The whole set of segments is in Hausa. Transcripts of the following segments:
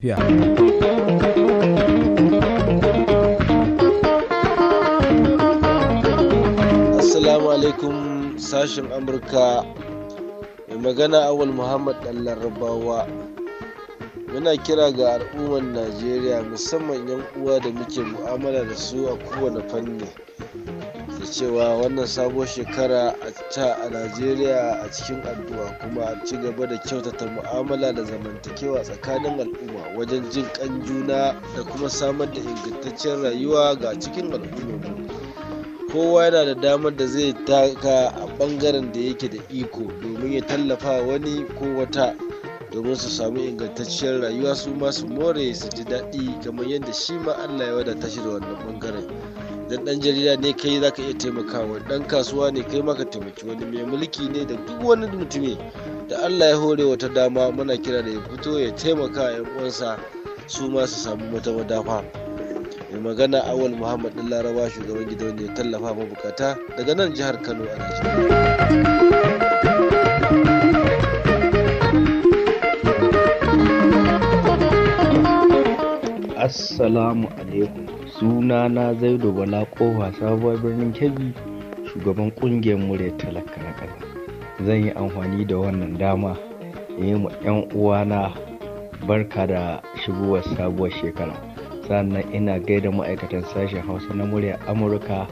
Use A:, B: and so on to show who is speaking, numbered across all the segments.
A: lafiya. Assalamu alaikum sashen Amurka mai magana awal Muhammad Larabawa. Muna kira ga al'ummar Najeriya musamman 'yan uwa da muke mu'amala da su a kowane fanni. da cewa wannan sabuwar shekara a ta a najeriya a cikin addu'a kuma a ci gaba da kyautata mu'amala da zamantakewa tsakanin al'umma wajen jin kan juna da kuma samar da ingantaccen rayuwa ga cikin al'umma kowa yana da damar da zai taka a bangaren da yake da iko domin ya tallafa wani ko wata domin su samu ingantacciyar rayuwa su masu more su ji daɗi kamar yadda shi ma allah ya wadata shi da wannan bangaren dan dan jarida ne kai za ka iya taimakawa dan kasuwa ne kai maka taimaki wani mai mulki ne da duk wani mutumi da allah ya hore wata dama muna kira da ya fito ya taimaka yan uwansa su ma su samu wata madafa mai magana awal muhammad din laraba shugaban gidan ya tallafa mabukata daga nan jihar kano a najeriya
B: Assalamu alaikum suna na Zaidu Bala Kowa sabuwar birnin Kebbi shugaban kungiyar murya talaka na kasa Zan yi amfani da wannan dama ya yi ma 'yan uwana barka da shigowar sabuwar shekara. Sannan ina gaida ma'aikatan sashen Hausa na murya Amurka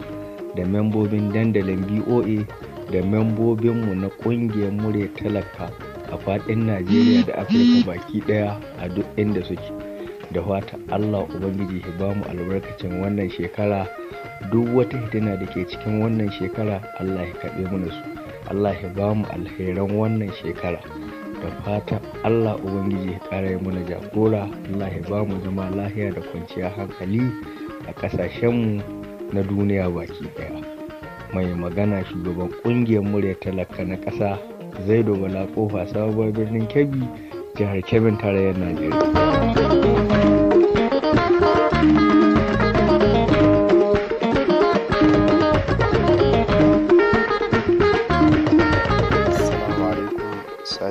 B: da membobin dandalin BOA da membobinmu na kungiyar murya talaka a fadin Najeriya da Afirka baki ɗaya a duk inda suke. da fatan allah ubangiji ya ba mu albarkacin wannan shekara duk wata hidina da ke cikin wannan shekara allah ya kaɗe mana su allah ya ba mu alheran wannan shekara da fatan allah ubangiji ya ƙara yi mana jagora allah ya ba mu zama lahiya da kwanciya hankali a ƙasashenmu na duniya baki ɗaya mai magana shugaban ƙungiyar murya talaka na ƙasa zai dogala kofa sababar birnin kebbi jihar kebin tarayyar najeriya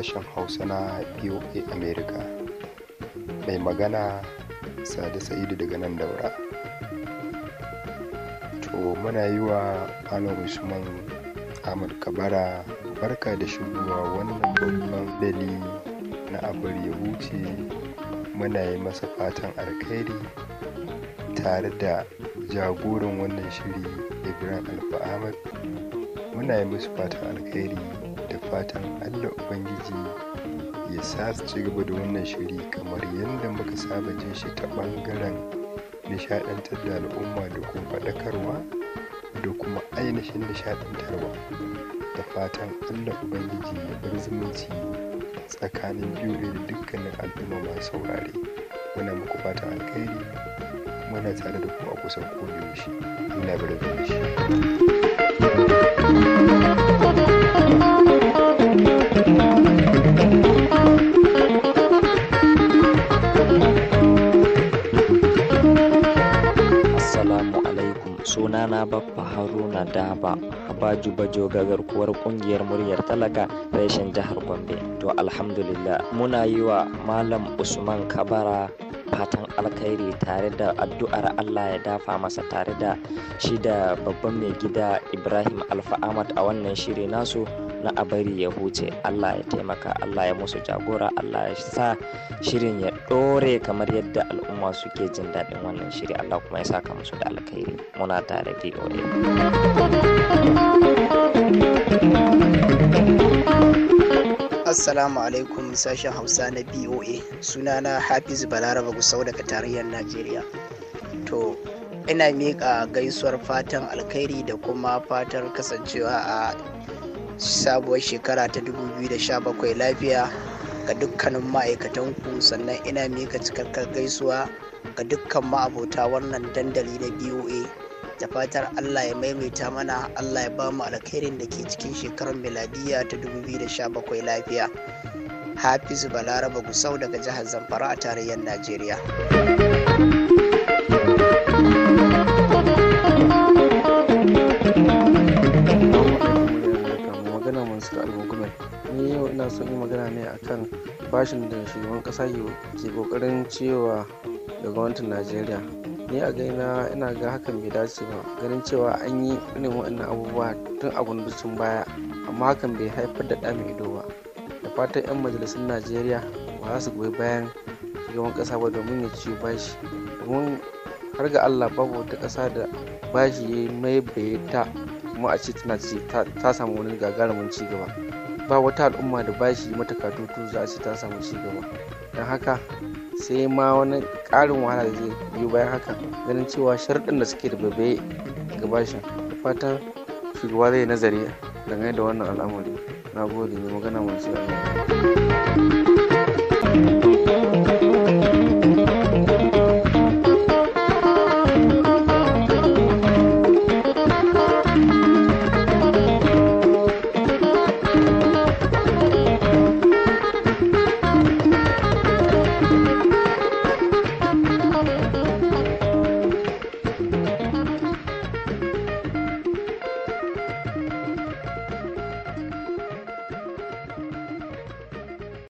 C: sashen Hausa na BOA America. Mai magana Sadi Sa'idu daga nan daura. To muna yi wa Malam Usman Ahmad Kabara barka da shigowa wannan babban dali na abar ya huce muna yi masa fatan alkhairi tare da jagoran wannan shiri Ibrahim Alfa muna yi masu fatan alkhairi da fatan allah ubangiji ya sa su ci gaba da wannan shiri kamar yadda muka saba jin shi ta ɓangaren nishaɗantar da al'umma da kuma faɗakarwa da kuma ainihin nishaɗantarwa da fatan allah ubangiji ya bar zumunci tsakanin biyu da dukkanin al'umma masu saurare muna muku fatan alkhairi muna tare da ku a kusan koyaushe allah ya bar shi thank you
B: sunana babba Haruna Daba baju Bajo ga garkuwar kungiyar muryar talaka reshen jihar Gombe. To alhamdulillah muna yi wa Malam Usman Kabara fatan alkhairi tare da addu'ar Allah ya dafa masa tare da shi da babban mai gida Ibrahim Alfa a wannan shiri nasu na a bari ya huce Allah ya taimaka Allah ya musu jagora Allah ya sa shirin ya dore kamar yadda al'umma suke jin daɗin wannan shiri Allah kuma ya saka musu da alkhairi muna tare VOA.
D: Assalamu alaikum sashen Hausa na BOA sunana Hafiz Balaraba Gusau daga tarayyar Najeriya. To, ina miƙa gaisuwar fatan alkhairi da kuma fatan kasancewa a sabuwar shekara ta 2017 lafiya ga dukkanin ma'aikatanku sannan ina mika cikakkar gaisuwa ga dukkan ma'abota wannan dandali na BOA da fatar Allah ya maimaita mana Allah ya ba mu alkhairin da ke cikin shekarar miladiya ta 2017 lafiya. Hafizu Balaraba Gusau daga jihar Zamfara a tarayyar Najeriya.
E: ni yau ina son yi magana ne akan bashin da shugaban ƙasa ke ƙoƙarin cewa da gwamnatin najeriya ni a gaina ina ga hakan bai dace ba ganin cewa an yi irin waɗannan abubuwa tun a gwamnatin baya amma hakan bai haifar da ɗa mai ido ba da fatan 'yan majalisun najeriya ba za su goyi bayan shugaban ƙasa ba domin ya ci bashi domin har ga allah babu wata ƙasa da bashi ya mai bai kuma a ce tana ce ta samu wani gagarumin ci gaba ba wata al'umma da ba shi mata katutu za a ce ta samu cigaba gaba don haka sai ma wani ƙarin wahala da zai biyo bayan haka ganin cewa sharɗin da suke da babbe ga bashin fatan shugaba zai nazari dangane da wannan al'amari na gode ne magana mai yawa